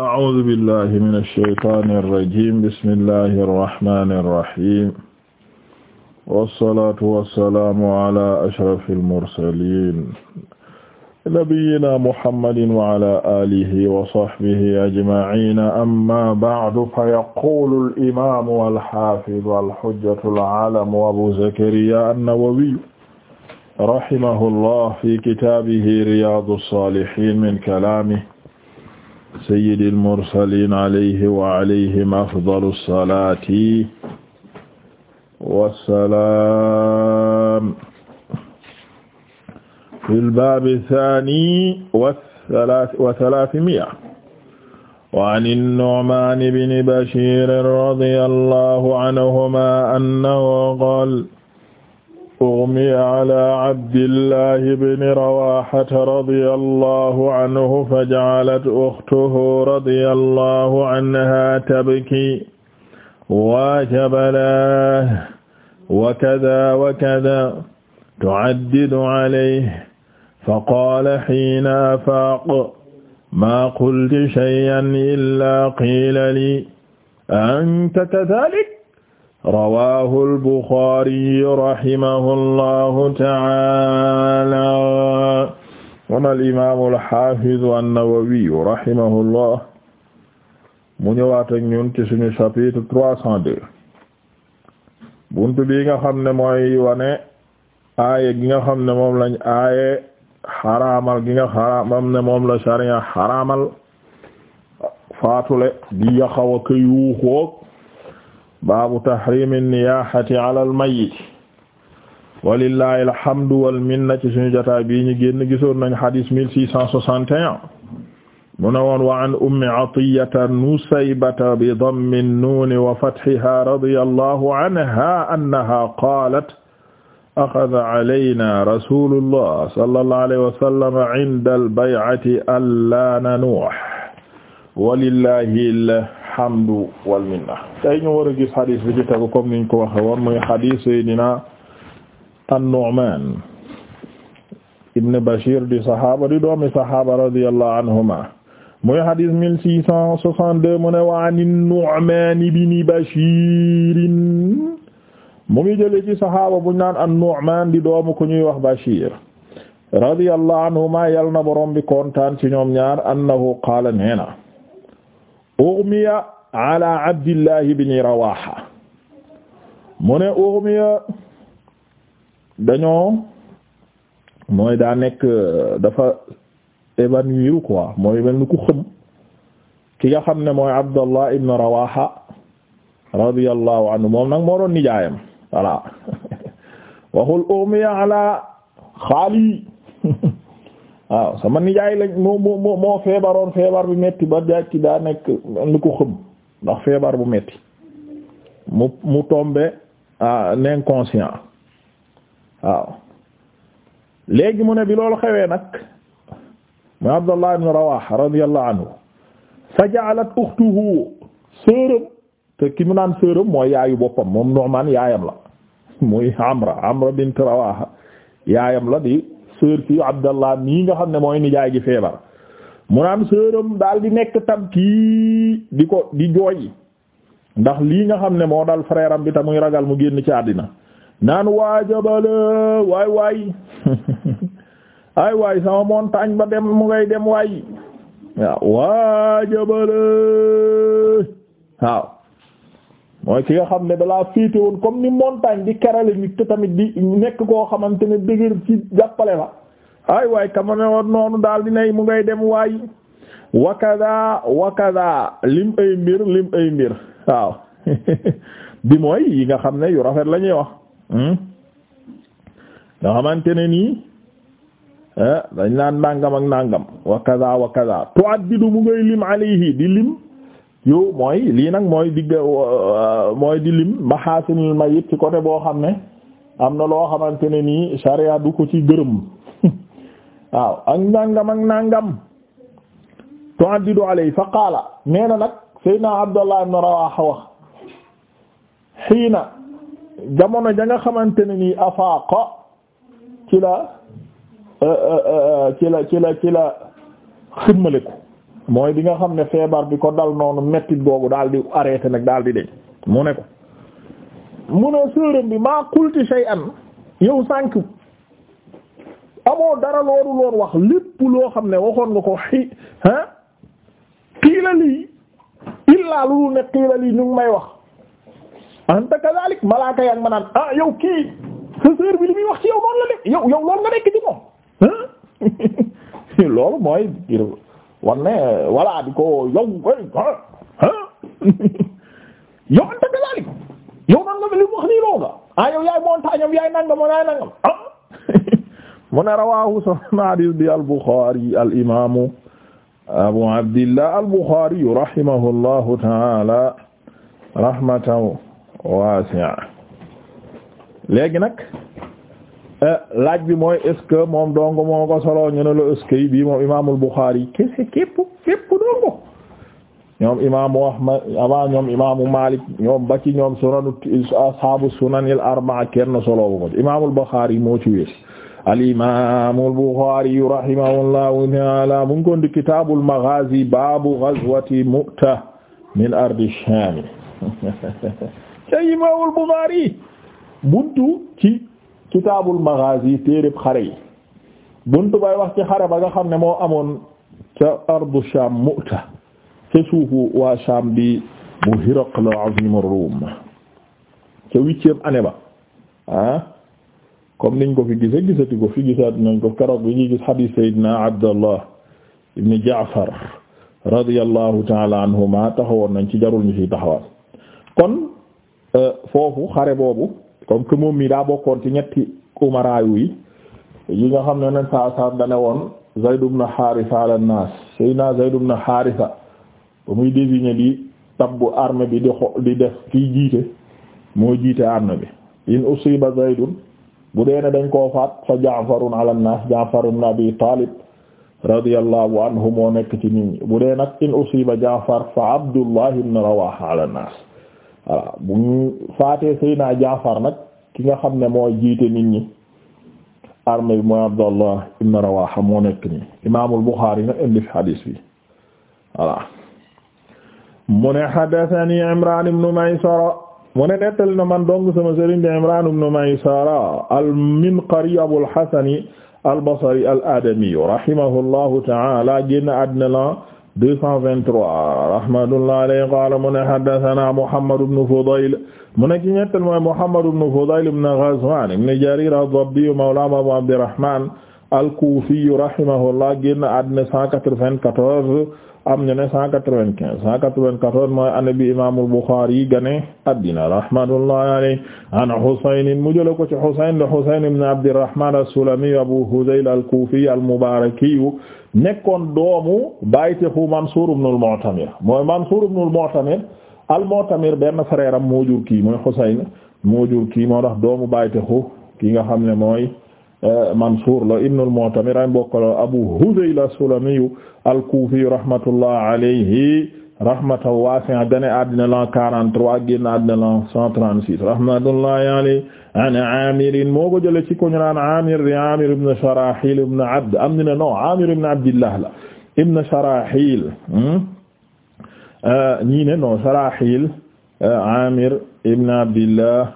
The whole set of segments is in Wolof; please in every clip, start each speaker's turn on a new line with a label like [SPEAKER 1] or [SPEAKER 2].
[SPEAKER 1] أعوذ بالله من الشيطان الرجيم بسم الله الرحمن الرحيم والصلاة والسلام على أشرف المرسلين نبينا محمد وعلى آله وصحبه أجمعين أما بعد فيقول الإمام والحافظ والحجة العالم أبو زكريا النووي رحمه الله في كتابه رياض الصالحين من كلامه sayyidil mursaliin alayhi wa alayhim afdalu salaati wa salaam. fil baabi saani wa salaasimiya. wa ani Nu'maan ibn Bashiir radiyallaahu anhumaa annahu qaala أغمي على عبد الله بن رواحة رضي الله عنه فجعلت أخته رضي الله عنها تبكي وجبلاه وكذا وكذا تعدد عليه فقال حين أفاق ما قلت شيئا إلا قيل لي أنت كذلك rawaahu al-Buxaari rahimahullahu ta'aala wan al-imaamu al-haafizu an-Nawawiyyu rahimahullah mu ñëwaat ak ñun ci suñu chapitre trois cent deux buntu bi nga xam ne mooy wane aaye gi nga ne moom lañ aaye xaraamal gi nga ne moom la sariya xaraamal faatule di yaxaw ak yuuxu baabu tahrimi niyahati ala almayit walillahi alhamdu walminna ci suñu jotaay bii ñu génn gisoon nañ xadis mille six cent soixante et un mu ne woon wa an ummi atiyata nusaybata bi dammi nuuni wa fathiha radiya allahu anha annaha qaalat axada alayna rasulullah sallallahu alayhi wa sallam inda albay'ati allaa nanuuh walillahi hamdu wal minna tey ñu war a gis xadis bi ci tegu comme niñ ko waxe woon muy xadis Seydina an-Nu'man ibn Bashir di sahaaba di doomi sahaaba radiyallahu anhuma muy xadis mille six cent soixante-deux mu ne wa ani Nu'man ibn Bashir mu ngi jëlee ci sahaaba buñ naan an-Nu'man di doomu ku ñuy wax Bashir radiyallahu anhuma yal na borom bi kontaan ci ñoom ñaar annahu qaala neena ughmiya ala abdillahi bini rawaha mu ne ughmiya dañoo mooy daa nekk dafa évanouir quoi mooy mel ni ku ki nga xam ne mooy abdallah ibn rawaha radiyallahu anhu moom nag mooroon doon nijaayam voilà waxul ughmiya ala xaali waaw sama nijaay lañ moo moo moo feebaroon feebar bu metti ba jàkki daa nekk lu ko xëm ndax feebar bu metti mu mu tombé ah l'inconscient waaw léegi mu ne bi loolu xewee nag mu Abdallah ibn Rawaha radiyallahu anhu fa ja'alat ukhtuhu sërëm te ki mu naan sërëm mooy yaayu boppam moom Nu'man yaayam la muy Amra Amra bint Rawaha yaayam la di sœur si Abdallah nii nga xam ne mooy nijaay gi feebar mu naan sœuram daal di nekk tam kii di ko di jooy ndax lii nga xam ne moo dal frère am bi ta muy ragal mu génn ci àddina naan waajabala waay waay ay waay sama montagne ba dem mu ngay dem waay waaw waajabala waaw mooy ki nga xam ne dalaa féete woon comme ni montagne di kerale nit te tamit di nekk koo xamante ne dëgër ci jàppale la ay waay kama ne woon noonu daal di nay mu ngay dem waay wakada wakada lim ay mbir lim ay mbir waaw bi mooy yi nga xam ne yu rafet la ñuy wax hmm? nga xamante ne nii eh, dañ naan nàngam ak nàngam wakada wakada tuaddidu mu ngay lim alayhi di lim yow mooy lii nag mooy digg euh, euh, mooy di lim maxaasinil mayit ci côté boo xam ne am na loo xamante ne nii sharia du ko ci gërëm waaw ak nàngam ak nàngam tu'addidu alay fa qaala nee na nag saydna abdallah ibn rawaha wax xiina jamono ja nga xamante ne nii afaaqa ci la euh, ci la ci la ci la xidmaliku mooy bi nga xam ne feebar bi ko dal noonu mettit googu daal di arrêté nag daal di deñ mu ne ko mu ne sërëm bi maa qulti shay'an yow sànq amoo dara loolu loon wax lépp loo xam ne waxoon nga ko xi ah illaa lulu ne xiila lii ñu ngi may wax anta kadhalik malaaka yaa ngi ma naan ah yow kii sa bi li muy wax ci yow noonu la de yow yow loolu nga nekk ci moom loolu mooy wan ne voilà di ko yow koy yow anta kadalik yow nan nga li wax nii loo nga ah yow yaay montagne am yaay nangam yaay nangam ah mu ne rawahu sana hadis bi al-Bukhari al-imam Abu Abdillah al-Bukhari rahimahullahu ta'ala rahmatan wasi'a léegi nag Euh, laaj bi mooy est que moom dongo moo ko solo ñu ne la est-ce que bii moom dongo ñoom imaamu Ahmad avant ñoom imaamu Malik ñoom ba ci ñoom sunanu wees al imaamul Bukhari rahimahullahu ta'ala mu ngi ko ndi kitaabul maghaazi baabu Mu'ta min ardi Shaam ca imaamul Bukhari ci kitaabul maghazi téereb xare yi buntu bay wax ci xare ba nga xam ne moo amoon ca ardu Sham Mu'ta ca suufu waa Sham bi bu Hiraql azim ar-Rum ca huitième année ba ah comme niñ ko fi gise gisati ko fi gisaat nañ ko keroog bi ñuy gis hadith Abdallah ibn Ja'far radiyallahu ta'ala anhuma taxawoon nañ ci jarul ñu fi taxawaat kon euh, foofu xare boobu comme que moom mi daa bokkoon ci ñetti umaraayu yi yi nga xam ne nen saa saa dane woon Zayd ibn Haritha ala naas Seydina Zayd ibn Haritha ba muy désigné di tabbu armée bi di xo ki def jiite moo jiite armée bi in usiba Zaydun bu dee ne dañ ko faat fa Ja'farun ala naas Ja'far Abi Talib radiyallahu anhu moo nekk ci nit ñi bu dee nag in usiba Ja'far fa Abdullah ibn Rawaha ala naas voilà bu ñu faatee Seydina Jaafar nag ki nga xam ne mooy jiite nit ñi armée bi mooy Abdallah ibn Rawaha moo nekk nii imaamul Buxaari nag indi fi xadiis bi voilà mu ne xaddatani Imraan ibn Maysara mu ne nettali na man dong sama sëriñ di Imraan Maysara al-Minqari Abul Hasan al-Basri al ta'ala génn àddina la 223 rahmatullah alayhi qala mu ne haddathana Muhammad ibn Fudayl mu ne ci ñettal mooy Muhammad ibn Fudayl ibn Ghazwan ibn Jarir ad-Dabbi mawla Abu Abdirrahman al-Kufi rahimahullah génn àddina 194 am ñu ne 195 194 mooy année bi Imaamul Bukhari gane àddina rahmatullah alayhi an Husayn mu jël ko ci Husayn de Husayn ibn Abdirrahman as-Sulami Abu Hudayl al-Kufi al-Mubaraki nekkoon doomu bàytexu Mansuur ibn al-Mu'tamir mooy Mansuur ibn al-Mu'tamir al-Mu'tamir benn frère am moo jur kii mooy Xuseyn moo jur kii moo tax doomu bàytexu ki nga xam ne mooy euh, Mansuur la ibn al-Mu'tamir ay mbokkalo Abu Hudayl as-Sulami al-Kufi rahmatullah alayhi rahmatan wasi'a gane àddina lan 43 génn àddina an Aamir moo ko jëlee ci ko ñu naan Aamir di Aamir ibn Sharahil ibn Abd am na non Aamir ibn Abdillah la ibn Sharahil hmm? euh, ñii ne non Sharahil Aamir euh, ibn Abdillah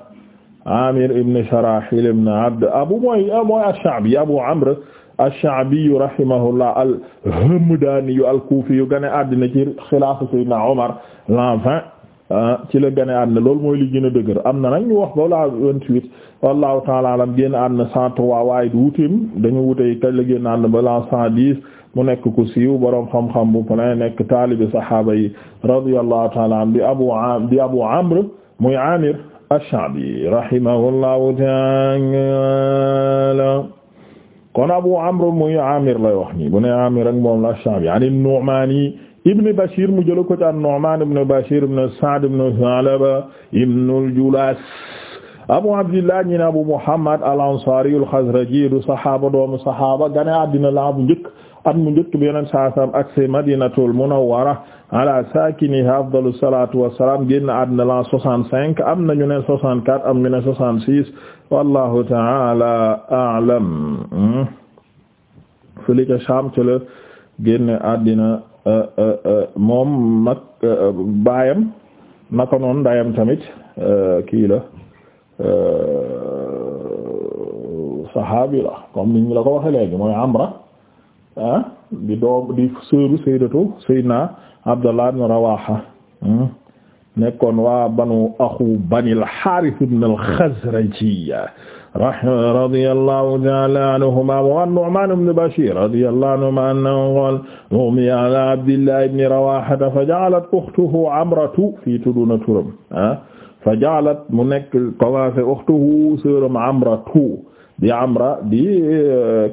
[SPEAKER 1] Aamir ibn Sharahil ibn Abd abu mooy euh, mooy ash-Sha'bi Abu Amr ash-Sha'bi rahimahullah al-Hamdani al-Kufi gane àddina ci xilaafa Sayyidina Umar l'an 20 Ah, ci la gane àddina loolu mooy li a dëgër am na nag ñu wax ba la vingt-huit wallahu alam génn àddina cent trois waaye du wutim dañu wutee la génn àddina ba la cent dix mu nekk ku siiw boroom xam-xam bu plen nekk taalibi sahaaba yi radiyallahu taala abu am di amr muy amir ash-sha'bi rahimahullahu kon abu amr muy amir lay wax nii bu ne amir ak moom la ash-sha'bi an an-nu'mani ibn Bashir mu jël ko ci an-Nu'man ibn Bashir ibn Sa'd ibn Tha'laba ibn al-Julas Abu Abdillah ñi ne Abu Muhammad al-Ansari al-Khazraji du saxaaba doomu saxaaba gane àddina la bu njëkk at mu njëkk bi yeneen saa saam ak si Madinatul Munawwara ala saakinihaa afdalu salaatu wa salaam génn àddina la 65 am na ñu ne 64 am ñu ne 66 wallaahu ta'ala a'lam fële ca Sham ca la génn àddina. Euh, euh, euh, moom mag baayam naka noon ndayam tamit kii la saxaabi la comme niñ la ko waxe léegi mooy Amra ah di doom di sëru sayyidatu sayyidina Abdallah ibn Rawaha hmm, nekkoon waa banu axu bani al-Harith ibn radiyallahu ta'ala anhuma wa Nu'man ibn Bashir radiyallahu anhuma annahu qala ughmiya ala Abdillah ibn Rawaha faja'alat ukhtuhu Amratu fii tudduna turam ah faja'alat mu nekk commencé ukhtuhu sœuram Amratu di Amra di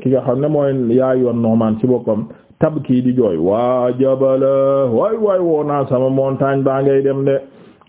[SPEAKER 1] ki nga xam ne mooy yaayu Nu'man ci boppam tabki di jooy waa jabala waay waay woo naa sama montagne baa ngay dem de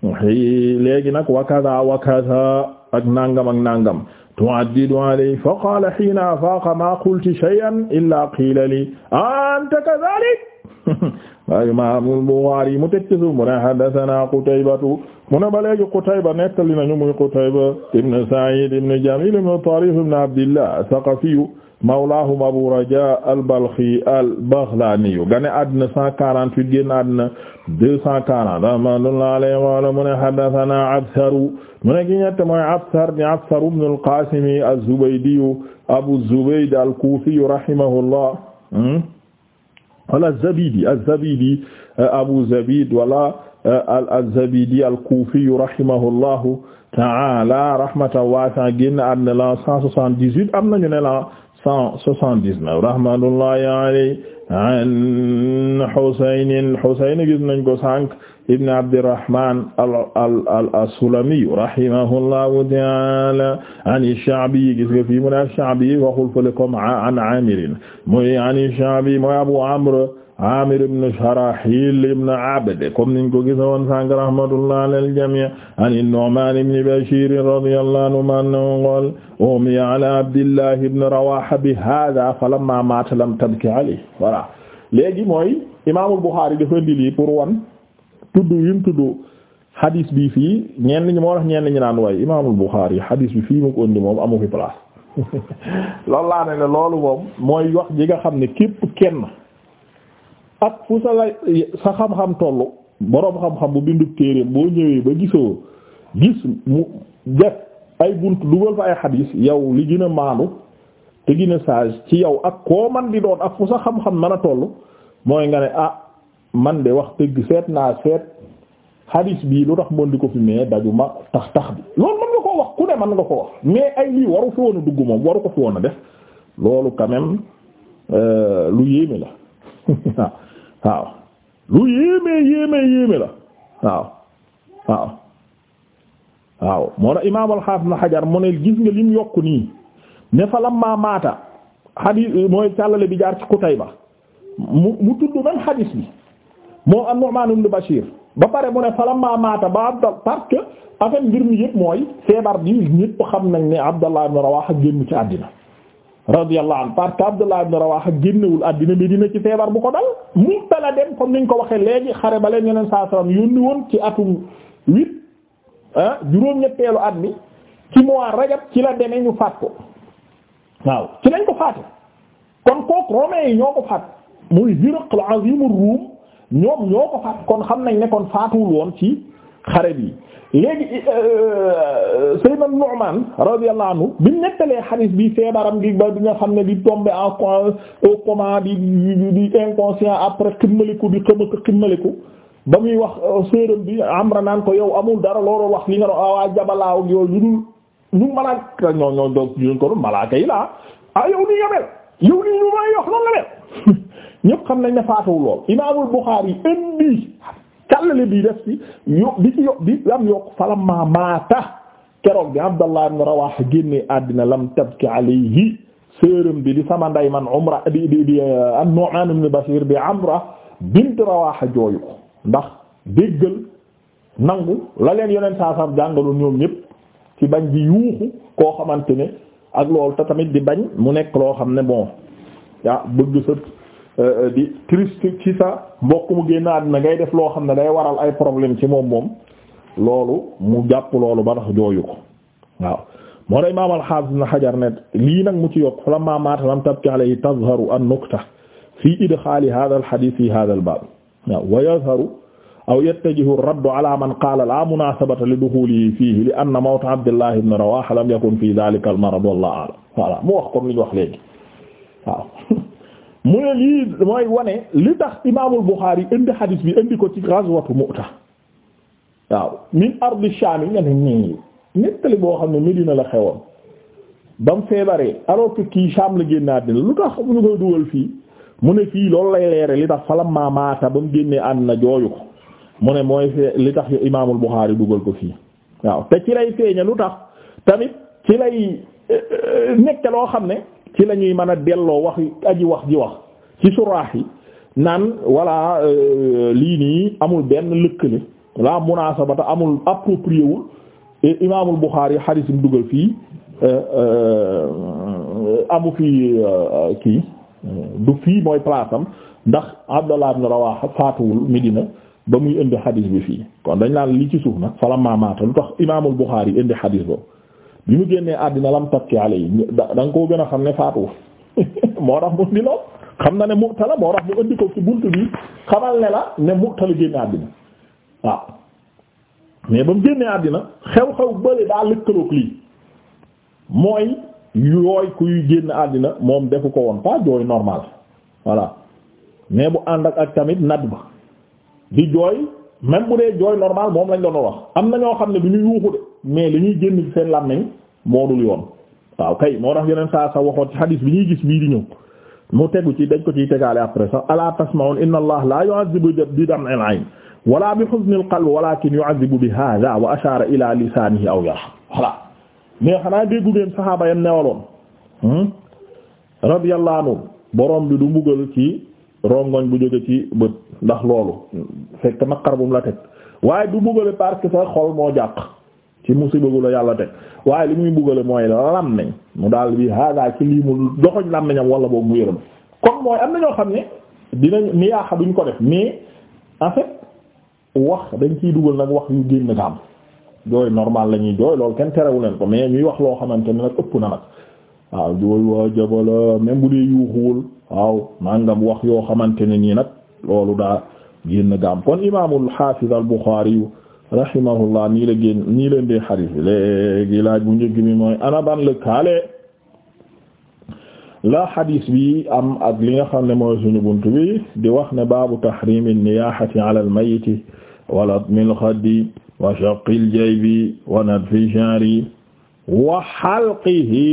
[SPEAKER 1] léegi nag wa kaza wa kaza ak nangam ak nangam. tu'addidu alayhi fa qaala hiina afaaqa maa qulti shay'an illaa qiila lii anta kadhaalik waaye Imaam al-Buxaari mu teg ci suuf mu ne haddasanaa Qutaybatu mu ne ba léegi Qutayba nettali nañu muy Qutayba ibn Sa'iid ibn Jamiil ibn Tariif ibn Abdillah as-Saqafiyu mawlaahum Abu Rajaa al-Balkhi al-Baghlaaniyu gane àddina 148 génn àddina 240 rahmatullahi alayhi mu ne haddasanaa Absaru mu ne ki ñett mooy Absar ni Absar ibn al-Qasim az-Zubaydi Abu Zubayd al-Kufi rahimahullah hmm? wala az-Zabidi az-Zabidi euh, Abu Zabid wala euh, az-Zabidi al-Kufi rahimahullahu ta'ala rahmatan wasi'a génn àddina la 178 am nañu ne la cent soixante-dix-neuf rahmatullahi alayhi an Husayn Husayn gis nañ ko sànq ibn Abdirrahman as-Sulami rahimahullahu ta'ala an Sha'bi gis nga fii mu ne Sha'bi waxul fële comme an Amir mooy an Sha'bi mooy Abu Amr Amir ibn Sharahil ibn Abd comme niñ ko gisa woon sànq rahmatullah alal jamii an Nu'man ibn Bashir radiyallahu anhu annahu qaala ughmiya ala Abdillah ibn Rawaha bi hadha falamma maata lam tabki alayhi voilà léegi mooy Imaamul Bukhari dafa indi lii pour wan tudd yi mu tudd hadis bi fii ñenn ñi moo tax ñenn ñi naan waaye Imaamul Bukhari hadis bi fii mu ko indi moom amu fi place loolu laa ne la loolu moom mooy wax ji nga xam ne képp kenn. ak fu sa la sa xam-xam tollu boroom xam-xam bu bindu téereem boo ñëwee ba gisoo gis mu def ay bunt dugal fa ay xadiis yow li gën a maandu te gën a ci yow ak koo man di doon ak fu sa xam-xam mën a tollu mooy nga ne ah man de wax dëgg seet naa seet xadiis bii lu tax mën di ko fi mais daju ma tax tax bi loolu mën nga koo wax ku ne mën nga ko wax mais ay lii waru fi woon a dugg moom waru ko fi woon a def loolu quand euh, lu yéeme la waaw lu yéeme yéeme yéeme la waaw waaw waaw moo na imaam al-Hafiz Ibn mu ne gis nga lim yokk nii ne fa lamma maata xadiis mooy càllale bi jaar ci Qutayba mu mu tudd même xadiis bi moo an-Nu'man ibn Bashir ba pare mu ne fa lamma maata ba Abdallah parce que affaire mi yëpp mooy feebar bi ñëpp xam nañ ne Abdallah ibn Rawaha génn ci àddina radiyallahu anhu parce que Abdullah ibn Rawaha génnewul àddina Medina ci feebar bu ko dal Mu'ta la dem comme niñ ko waxee léegi xare ba leen yeneen saa salaam yónni woon ci atum huit ah juróom-ñetteelu at mi ci mois rajab ci la demee ñu faat ko waaw ci lañ ko faate kon kook romains yi ñoo ko faat muy Hiraql azimur Rum ñoom ñoo ko faat kon xam nañ ne kon faatuwul woon ci. xare bi léegi euh, euh, Seydina Nu'man radiyallahu anhu bi mu nettalee xadiis bi feebaram gi ba di nga xam ne di tombé en co- au coma di di inconscient après ximmaliku di xëm ak ba muy wax euh, séeram bi Amra naan ko yow amul dara loolu wax li nga doon ah, waa jabalaaw ak yooyu lu dul malaaka ñoo ñoo ñu ko malaaka yi la ah yow nii yamel yow nii ñu may yox noonu la mel ñépp xam nañ ne faatuwul lool Imaamul Buxaari indi càllale bi def ci yo bi ci yo bi lam yokk falamma maata keroog bi Abdallah ibn Rawaha génne àddina lam ki alayhi séeram bi di sama nday man umra di di di an-Nu'man ibn Bashir bi Amra bint Rawaha jooyu ko ndax déggal nangu la leen yoneen saasam jàngaloon ñoom ñëpp ci bañ di yuuxu koo xamante ne ak loolu te tamit di bañ mu nekk loo xam ne bon ah bëgg sa Euh, euh, di triste ci sa mbokk mu génn àddina ngay def loo xam ne day waral ay problème ci moom moom loolu mu jàpp loolu ba tax jooyu ko waaw moo tax imaam al-Hafiz Ibn Hajar ne lii nag mu ci yokk falammaa maata lam tabki alayhi tazharu an-nukta fii idxaali haadha al-hadiis fii haadha al-baab waaw wa yazharu aw yattajihu ar-raddu alaa man qaala laa munaasabata li duxuulihi fiihi li anna mawta Abdullah ibn Rawaaha lam yakun fii dhaalika al-marad wallaahu a'lam voilà mu wax comme li ñu wax léegi waaw mu ne lii mooy wane li tax imaamul Buxaari indi xadiis bi indi ko ci ghazwatu Mu'ta waaw min ardi Shaam nga ne nii nettali boo xam ne Medina la xewoon ba mu feebaree alors kii Shaam la génn àddina lu tax ñu koy dugal fii mu ne fii loolu lay leere li tax falam maa ba mu génnee àddina jooyu ko mu ne mooy fee li tax imaamul Buxaari dugal ko fii waaw te ci lay feeña lu tax tamit ci lay eh, eh, nekk loo xam ne ci lañuy ñuy mën a delloo wax aji wax ji wax ci suraax yi naan walla euh, euh, lii nii amul benn lëkkale la munaasabata amul approprié wul imaamul Buxaari xadiis mu dugal fii euh, amu fi kii du fii mooy place am ndax Abdallah ibn Rawaha faatuwul Medina ba muy indi xadiis bi fii kon dañ laa li ci suuf nag fala maamaata lu tax imaamul Buxaari indi xadiis boobu bi mu génnee àddina lam takki alay da da nga koo gën a xam ne faatu moo tax mu di xam na ne mu'tala moo tax mu indi ko ci buntu bi xamal ne la ne mu'tala génne àddina waaw mais ba mu génnee àddina xew-xew bële daa lëkkaloog lii mooy yooy kuy génn àddina moom defu ko woon pas jooy normal voilà mais bu ànd ak ak tamit nadd ba di jooy même bu dee jooy normal moom lañ doon wax am na ñoo xam ne bi ñu yuuxu de mais li ñuy génn ci seen làmmiñ moo dul yoon waaw kay moo tax yeneen saa sa waxoon ci xadiis bi ñuy gis bii di ñëw mu tegu ci dañ ko ciy tegaale après sax ala tasma'un inna allah la yu'azzibu bi dam'il ayn wala bi huznil qalb walakin yu'azzibu bi hadha wa ashara ila lisanihi aw yarham voilà mais xanaa déggu ngeen saxaaba yam newaloon hmm? radiyallahu anhu boroom bi du mbugal ci rongoñ bu jóge ci bët ndax loolu fekk naqar bu mu la teg waaye du mbugale parce sa moo jàq ci musiba gu la yàlla teg waaye li muy buggale mooy làmmiñ mu daal bi haagaa ci lii mu doxoñ làmmiñam wala boobu mu yërëm comme mooy am na ñoo xam ne dinañ niyaaxa duñ ko def mais en fait wax dañ ciy dugal nag wax yu génn nga jooy normal la ñuy jooy loolu kenn terewu leen ko mais ñuy wax loo xamante ni nag ëpp na nag waaw jooy waa jabala même bu dee yuuxuwul waaw nangam wax yoo xamante ne nii nag loolu daa génn nga kon imaamul xaafiz al Buxaari yu rahimahullah nii la génn nii leen dee xadis bi léegi laaj bu njëkk bi mooy ana ban lëkkaale la xadis bi am ak li nga xam ne mooy suñu bunt bi di wax ne baabu tahrim an-niyahati ala al-mayyit wa latmi al-khaddi wa shaqqi al-jaybi wa nadfi sha'ri wa halqihi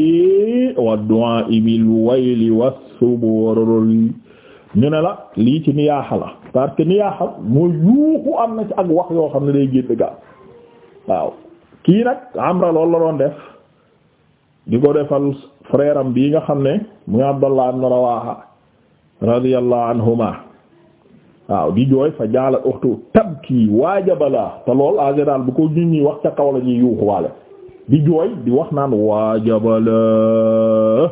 [SPEAKER 1] wa du'a'i bil wayli was-suburi ñu ne la lii ci niyaaha la parce que ni yaa xam mooy yuuxu am na ci ak wax yoo xam ne day génn gaaw waaw kii nag amra loolu la doon def di ko defal frère bii nga xam ne muy Abdallah ibn Rawaha radiyallahu anhuma waaw di jooy fa jaala uxtu tabki waajabalaa te lool en général bu ko nit ñi wax ca kaw la ñuy yuuxu waale di jooy di wax naan waajabalaa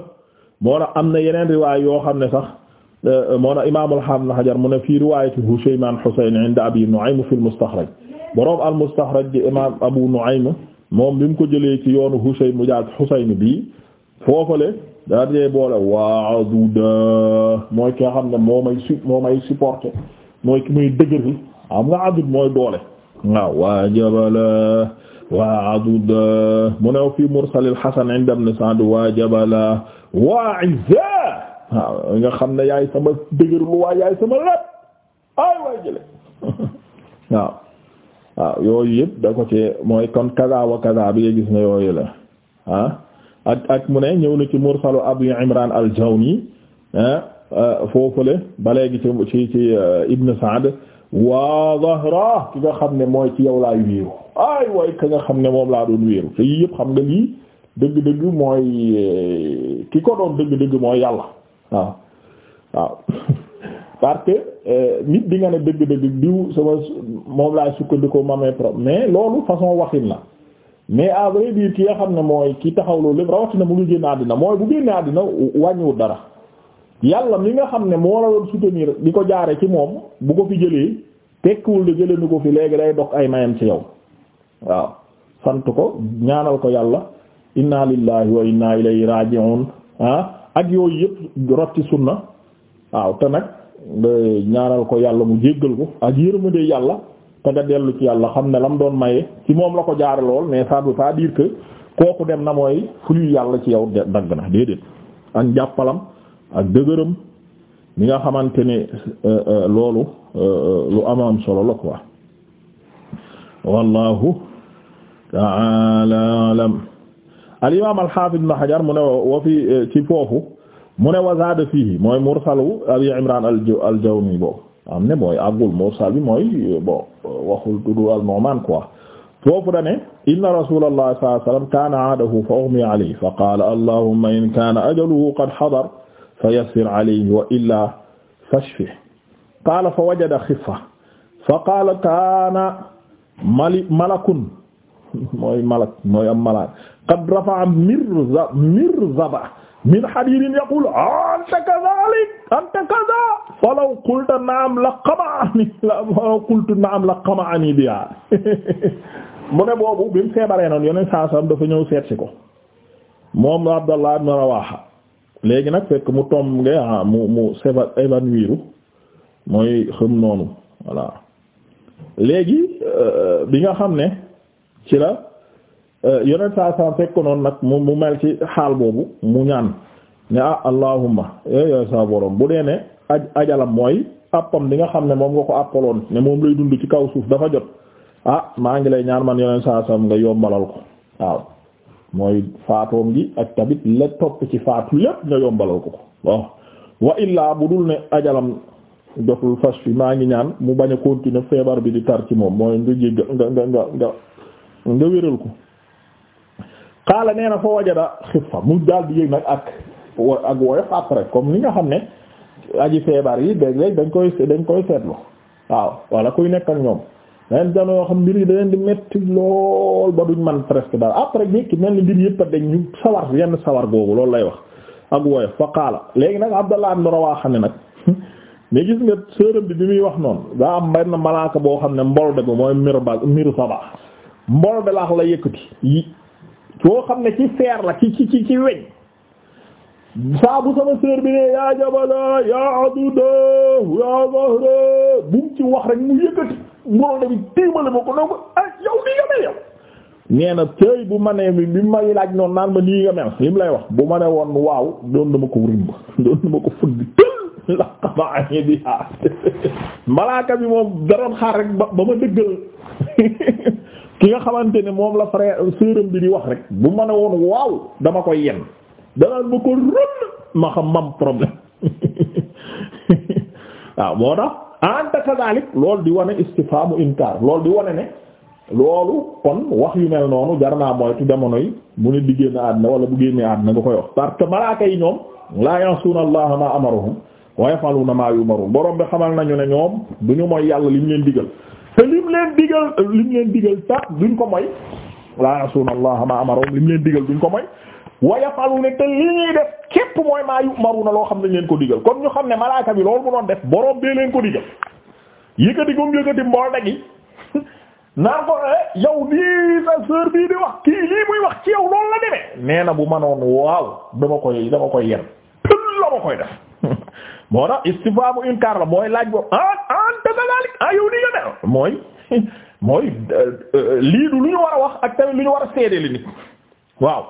[SPEAKER 1] moo tax am na yeneen riwaay yoo xam ne sax Euh, moona imam al-Hafiz Hajar mu ne fii riwaayati Hushaym an Husayn inda fi al-Mustakhraj boroom imam Abu Nu'aym moom bi mu ko jëlee ci yoonu Hushaym mu jaar Husayn bi foofale daa dee boole waaduda mooy ki nga xam ne moo may su moo may supporté mooy ki muy waa aduda mu new fii mursalil Hasan inda Ibn waa jabala waa izza waaw nga xam ne yaay sama dëgër lu waay yaay sama lépp ay waay jële waaw waaw yooyu yëpp da ko ci mooy kon kaza wa kaza bi nga gis ne yooyu la ah ak ak mu ne ñëw na ci mursalu Abi Imran al-Jawni ah, ah, foofule ba léegi ci ci ci eh, Ibn Sa'd waa zahra ki nga xam ne mooy ci yow laay wéeru xam ne moom laa doon wéeru te yii yëpp xam nga lii dëgg-dëgg mooy eh, ki ko doon dëgg-dëgg mooy yàlla waaw waaw parce que euh, nit di nga ne dëgg-dëgg diw sama moom laay sukkandiku ma amee problème mais loolu façon waxin la mais à vrai dire ki nga xam ne mooy ki taxaw loolu lépp rawatina mu ngi génn àddina mooy bu génn àddina wàññiwul dara yàlla mi nga xam ne moo la doon soutenir di ko jaare ci moom bu ko fi jëlee tekkiwul de jëlee nu ko fi léegi day dog ay mayam ci yow waaw sant ko ñaanal ko yàlla inna lillahi wa inna ilayhi raji'un ah ak yooyu yëpp rot ci sunna waaw te nag nga ñaanal ko yàlla mu jéggal ko ak yërmande yàlla te nga dellu ci yàlla xam ne lam doon maye ci moom la ko jaare lool mais ça veut pas dire kooku dem na mooy flux yàlla ci yow dagg na déedéet ak njàppalam ak dëgëram mi nga xamante ne euh, euh, loolu euh, lu amam solo la quoi wallahu ta'ala alam al imaam al haafid ibn Hajar mu ne wa fi eh, ci foofu mu ne wa zaada fiihi mooy mursalu Abi Imraan al Jawni boobu am ne mooy àggul mursal bi mooy eh, bon waxul tudd al Nu'maan quoi foofu da ne inna rasuulallahi sallallahu alayhi wa sallam kaana aadahu fa ughmiya alayhi fa qaala allahumma in kaana ajaluhu qad hadara fa yassir alayhi wa illaa fashfih qaala fa wajada xiffa fa qaala kaana mali malakun mooy malak mooy am malak qad rafa'a mirza mirzaba min hadidin yaqul anta kadhalik anta kadha falaw qulta na'am la qama'ani la falaw qultu na'am la qama'ani biha mu ne boobu bi mu feebaree noonu yeneen saa saam dafa ñëw seet si ko moom Abdallah ibn Rawaha léegi nag fekk mu tombe ah mu mu s'éva évanouiru mooy xam noonu voilà léegi euh, bi nga xam ne ci la. Euh, yonent saa saa fekk noonu nag mu mu mel ci xaal boobu mu ñaan ne ah allahumma eh, yooyu sa borom bu dee ne aj ajalam mooy àppam di nga xam ne moom nga ko àppaloon ne moom lay dund ci kaw suuf dafa jot ah maa ngi lay ñaan man yonent saa saa nga yombalal ko waaw mooy faatoom gi ak tamit la topp ci faatu lépp nga yombalal ko ko waaw wa illaa bu dul ne ajalam jotul fas fi maa ngi ñaan mu bañ a continuer feebar bi di tar ci moom mooy nga jégg nga nga ko xaala nee na fa wajada xiffa mu daal di yëg nag ak ak woyof après comme li nga xam ne aji feebar yi léeg-léeg dañ koy dañ koy seetlu waaw wala kuy nekk ak ñoom daleen jano yoo mbir yi da di metti lool ba man presque daal après jékki mel ni mbir yëpp dañ ñu yenn sawar googu loolu lay wax ak woyof fa xaala léegi nag Abdallah ibn Rawaha ne nag mais gis nga bi bi muy wax noonu daa am benn malaaka boo xam ne mbol de ko mooy mir ba mir saba mbol de laax la yëkkati boo xam ne ci feer la ci ci ci ci weñ saa bu sama sœur bi ne yaa jabala yaa aduda yaa zahra bu mu ci wax rek mu yëkkati mbool na ko noonu ah, yow nii nga na tey bu ma nee bi may laaj noonu naan ma nii nga mel li mu lay wax bu ma ne woon waaw doon dama ko rimb doon dama ko fëgg tël la xamaane bi malaaka bi moom daroon xaar rek ba ma dëggal ki nga xamante ne moom la frère séeram bi di wax rek bu ma ne woon waaw dama koy yenn danaan ma ko rëll ma xam mam problème waaw moo tax anta kadalik loolu di wane istifhamu inkar loolu di wane ne loolu kon wax yu mel noonu jar naa moytu jamono yi mu ne di génn àddina wala bu génnee àddina nga koy wax parce que malaaka yi ñoom laa yansuuna allaha ma amaruhum wa yafaluna ma yumaruun borom bi xamal nañu ne ñoom duñu mooy yàlla li ñu leen digal te lim leen digal lim leen digal tax duñ ko moy la yasuna allah ma amaroom lim leen digal duñ ko moy wa yafaluna te li ñuy def képp mooy maa yumaruna loo xam ne leen ko digal kon ñu xam ne malaaka bi loolu mu doon def borom bee leen ko digal yëkkati gum yëkkati mbool dagi naan ko eh, yow nii sa sœur bii di wax kii lii muy wax ci yow loolu la demee nee na bu manoon waaw dama koy dama koy yen pël la ma koy def moo tax istifhaamu la mooy laaj boobu ah ah dëgg ah yow nii ne mooy mooy euh, lii du lu ñu wax ak tamit lu ñu war a seede li nit waaw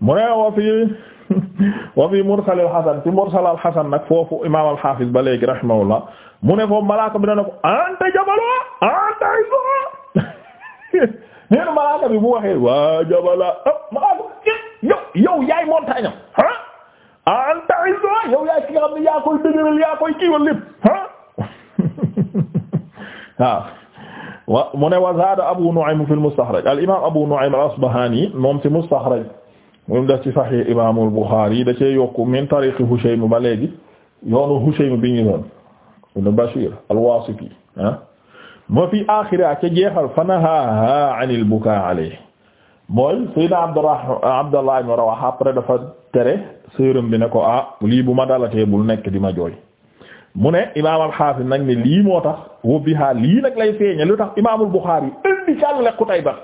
[SPEAKER 1] mu ne wa fi wa fi hasan fi mursal al-Hasan nag foofu imaam al-Hafiz ba léegi rahimahullah mu ne foofu malaaka bi dana ko anta jabaloo anta iso neen malaaka bi bu waa jabala ah, yow yow yaay ah anta isa ah, yow yaa ki nga xam ne yaa koy dëgëral yaa koy kiiwal lépp ah waaw wa mu ne wa zaada Abu Nu'aym fi al-Mustaxraj al-imaam Abu Nu'aym al-Asbahaani moom ci Mustaxraj moom daf ci Sahih imaam al-Buxaari da cee yokku min tariiqi Hushaym ba léegi yoonu Hushaym bi ñu doon ibn Bashir al-Waasiti ah moo fi aaxira ca jeexal fa nahaa anil bukaa alayhi mooy Seydina Abdurrahman Abdallah ibn Rawaha après dafa tere séeram bi ne ko ah lii bu ma dalatee bul nekk di ma jooy mu ne imaam al-Hafiz nag ne lii moo tax wubbihaa lii nag lay feeñe lu tax imaamul Bukhari indi càllale Qutayba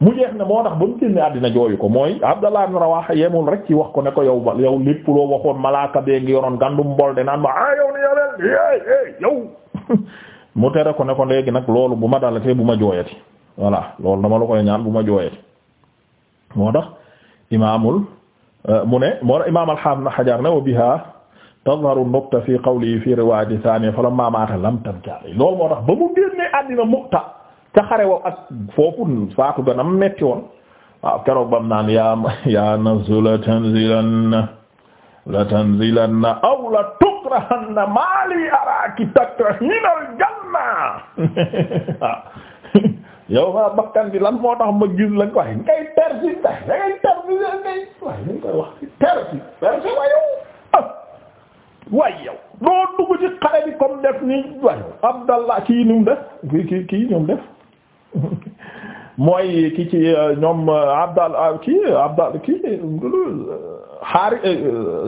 [SPEAKER 1] mu jeex ne moo tax ba mu génne àddina jooyu ko mooy Abdallah ibn Rawaha rek ci wax ko ne ko yow yow lépp loo waxoon malaaka bee ngi yoroon gàndum bol de naan ah, tere ko ne ko léegi nag loolu bu ma dalatee bu ma jooyati voilà loolu dama la koy ñaan bu ma jooyati moo tax imaamul euh, mu ne moo tax imaam alxaam na xajar ne wa biha tadharu nuqta fi qawlihi fi riwaayati thaniya falamma maata lam tankaari loolu moo tax ba mu génnee àddina Mu'ta ca xare wa ak foofu faatu ganam metti woon waaw keroog bam naan yaa yaa nafsu la tanzilanna la tanzilanna aw la tukrahanna maali araaki takrahina al janna yow ma bakkan bi lan moo tax ma gis la waaye ngay persi da ngay persi da ngay waaye ñu koy wax persi persi waaye yow ah, waaye yow doo dugg ci xare bi comme def ni waaye Abdallah kii ñum def kii kii kii def mooy ki ci euh, ñoom euh, Abdal euh, kii Abdal kii xaari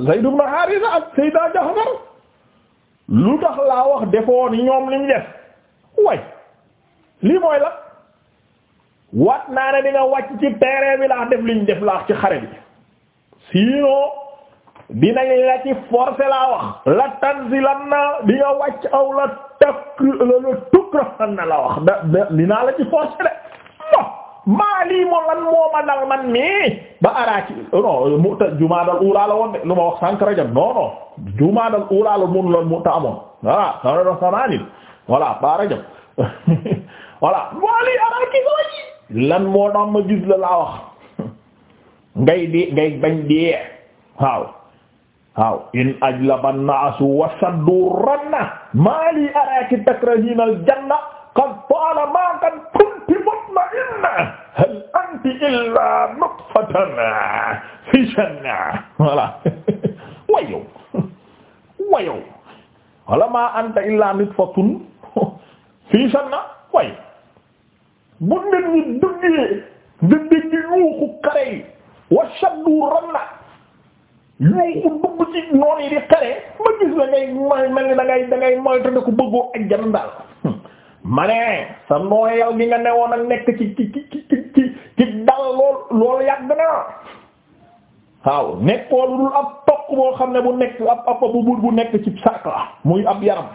[SPEAKER 1] Zayd ibn Haarisa ak Sayyida Jahfar lu tax laa wax defoo ñoom liñ def way lii mooy la wat naa ne di nga wàcc ci terrain bi laax def liñ def laax ci xare bi sinon dinañ la ci forcer laa wax la tanzilanna di nga wàcc aw la takk la tukrahanna la wax da da dinaa la ci forcer de oh, maa lii lan moo ma dal man mii ba araaki non mu ta jumaadal uulaa la woon de lu ma wax sànq rajab non non jumaadal uulaa la mun loolu mu amoon voilà. voilà ba rajab voilà maa lii araaki lan moo tax ma gis la laa wax ngay di ngay bañ di yee waaw waaw in ajlaban naasu wa saddu ranna maa li araaki takrahiina aljanna qad taala maa qad kunti mutma'inna hal anti illaa nutfatan fi janna voilà wayow wayow wala maa anta illaa nutfatun fi janna way bu nit ñi duggee nga dégg yuuxu xare yi wa shaddu ranna yuuxu dugg ci noon yi di xare ma gis la may mel ni da ngay da ngay moytu ne ku bëggoo ak nekk ci ci ci ci waaw nekkoo lu dul ab tokk boo xam ne bu nekk ab ab bu bu nekk ci saak la muy ab yaram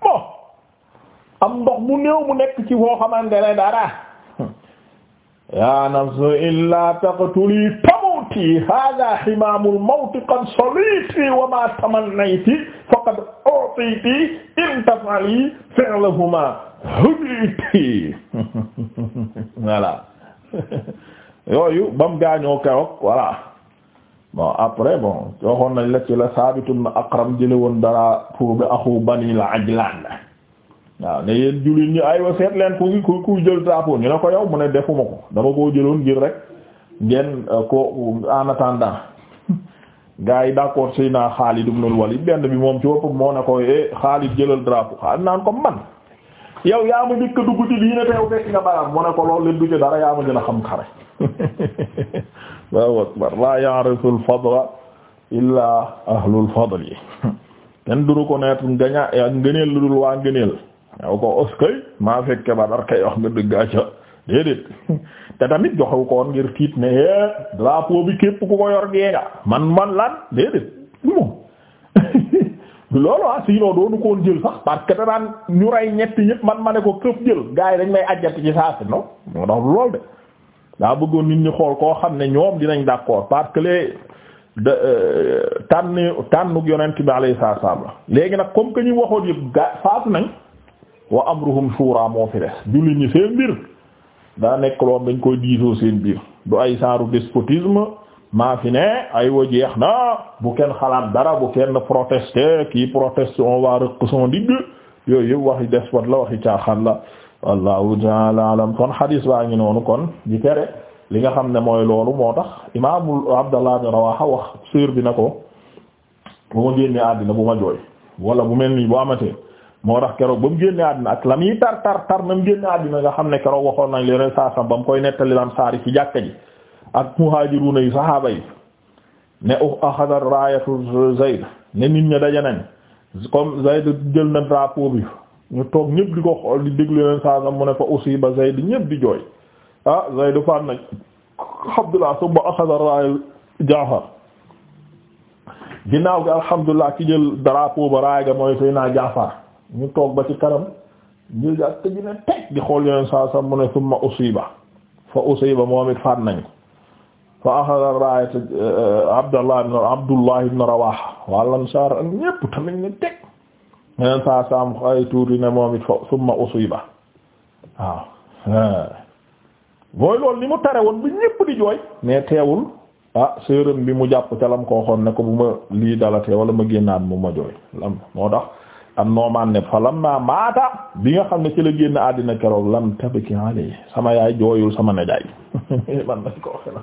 [SPEAKER 1] bon am ndox mu néew mu nekk ci foo xamante ne dara yaa nafsu illaa taqtuli tamuti hada ximaamul mawti qad saliti wa ma tamannayti faqad utiti in tafali fi'lahuma huditi voilà yooyu bam gaañoo keroog voilà bon après bon waxoon nañ la ci la Saabit ibn Aqram jële woon dara pour bi axu Bani al-Ajlaan waaw ne yéen jullit ñi aywa seet leen ku ngi ku ku jël drapeau ñu ne ko yow mu ne defuma ko dama koo jëloon ngir rek ngeen euh, ko en attendant gars yi d'accord sëy naa Xaalid ibn Walid benn bi moom ci woppam moo ne ko eh Xaalid jëlal drapeau Xaalid naan ko man yow yaa ma njëkk dugg ci lii ne teew fekk nga baraam mu ne ko loolu leen du ci dara yaa ma gën a xam xare waaw akbar la ya'rifu al-fadla illa ahlul fadli kenn du reconnaître ngaña ngëneel lu dul waa ngëneel yow ko os kay maa fekke Badar kay wax nga dëgg acca déedéet te tamit joxewu ko woon ngir tiit ne eh, drapeau bi képp ku ko yor dee nga man man lan déedéet moom loolu ah sinon doonu ko woon jël sax parce que danaan ñu rey ñetti ñëpp man ma ne ko këpp jël gaa yi dañ may ajjati ci saa si non moo tax lool de daa bëggoon nit ñi xool koo xam ne ñoom dinañ d'accord parce que les de euh, tànn tànnug yonent bi alayhi salaam la léegi nag comme que ñu waxoon yëpp gaa faatu wa amruhum shura moo fi des jullit ñi seen mbir daa nekk loom dañ koy diisoo seen biir du ay saaru despotisme maa fi ne ay wa jeex na bu kenn xalaat dara bu kenn protester kii proteste on va rëq son digg yooyu waxi despot la waxi caaxaan la wallahu ta'ala alam kon xadiis baa ngi noonu kon di tere li nga xam ne mooy loolu moo tax imaamul Abdallah bin Rawaha wax sœur bi na ko bu ma génnee àddina bu ma jooy wala bu mel nii bu amatee moo tax keroog ba mu génne àddina ak la muy tar tar tar na mu génne àddina nga xam ne keroog waxoon nañ leen saa sam ba mu koy nettali lan saari ci jàkka ji ak muhajiruna yi saxaaba yi ne u axada raayatu Zayd ne nit ña daje nañ comme Zayd jël na drapeau bi ñu toog ñëpp di ko xool di déglu leen saa sam mu ne fa aussi ba Zayd ñëpp di jooy ah Zayd faat nañ Abdullah summa axada raaya Jaafar ginnaaw gi alhamdulillah ki jël drapeau ba raaya ga mooy Seydina Jaafar ñu toog ba ci kanam ñu jàpp te dina teg di xool yeneen saa sax mu ne summa usiba fa usiba nañ ko fa axada raayat eh, Abdallah ibn Abdullah ibn waaw mooy loolu ni mu tare woon bi ñépp di jooy mais teewul ah séeram bi mu jàpp ca lam koo ne ko bu ma lii dalatee wala ma génnaat mu ma jooy lam moo tax am noomaan ne fa maata bi nga xam ne ci la génn àddina keroog lam tabki alayhi sama yaay jooyul sama nijaay ko xela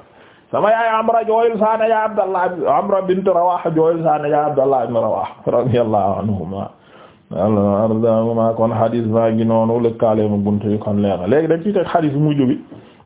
[SPEAKER 1] sama yaay amra jooyul sa nijaay abdallah amra bint rawaha jooyul sa nijaay abdallah ibn rawaha radiyallahu anhuma ardahuma kon hadis ba gi noonu lëkkaale ma buntu yi kon leer na léegi dañ ci teg hadis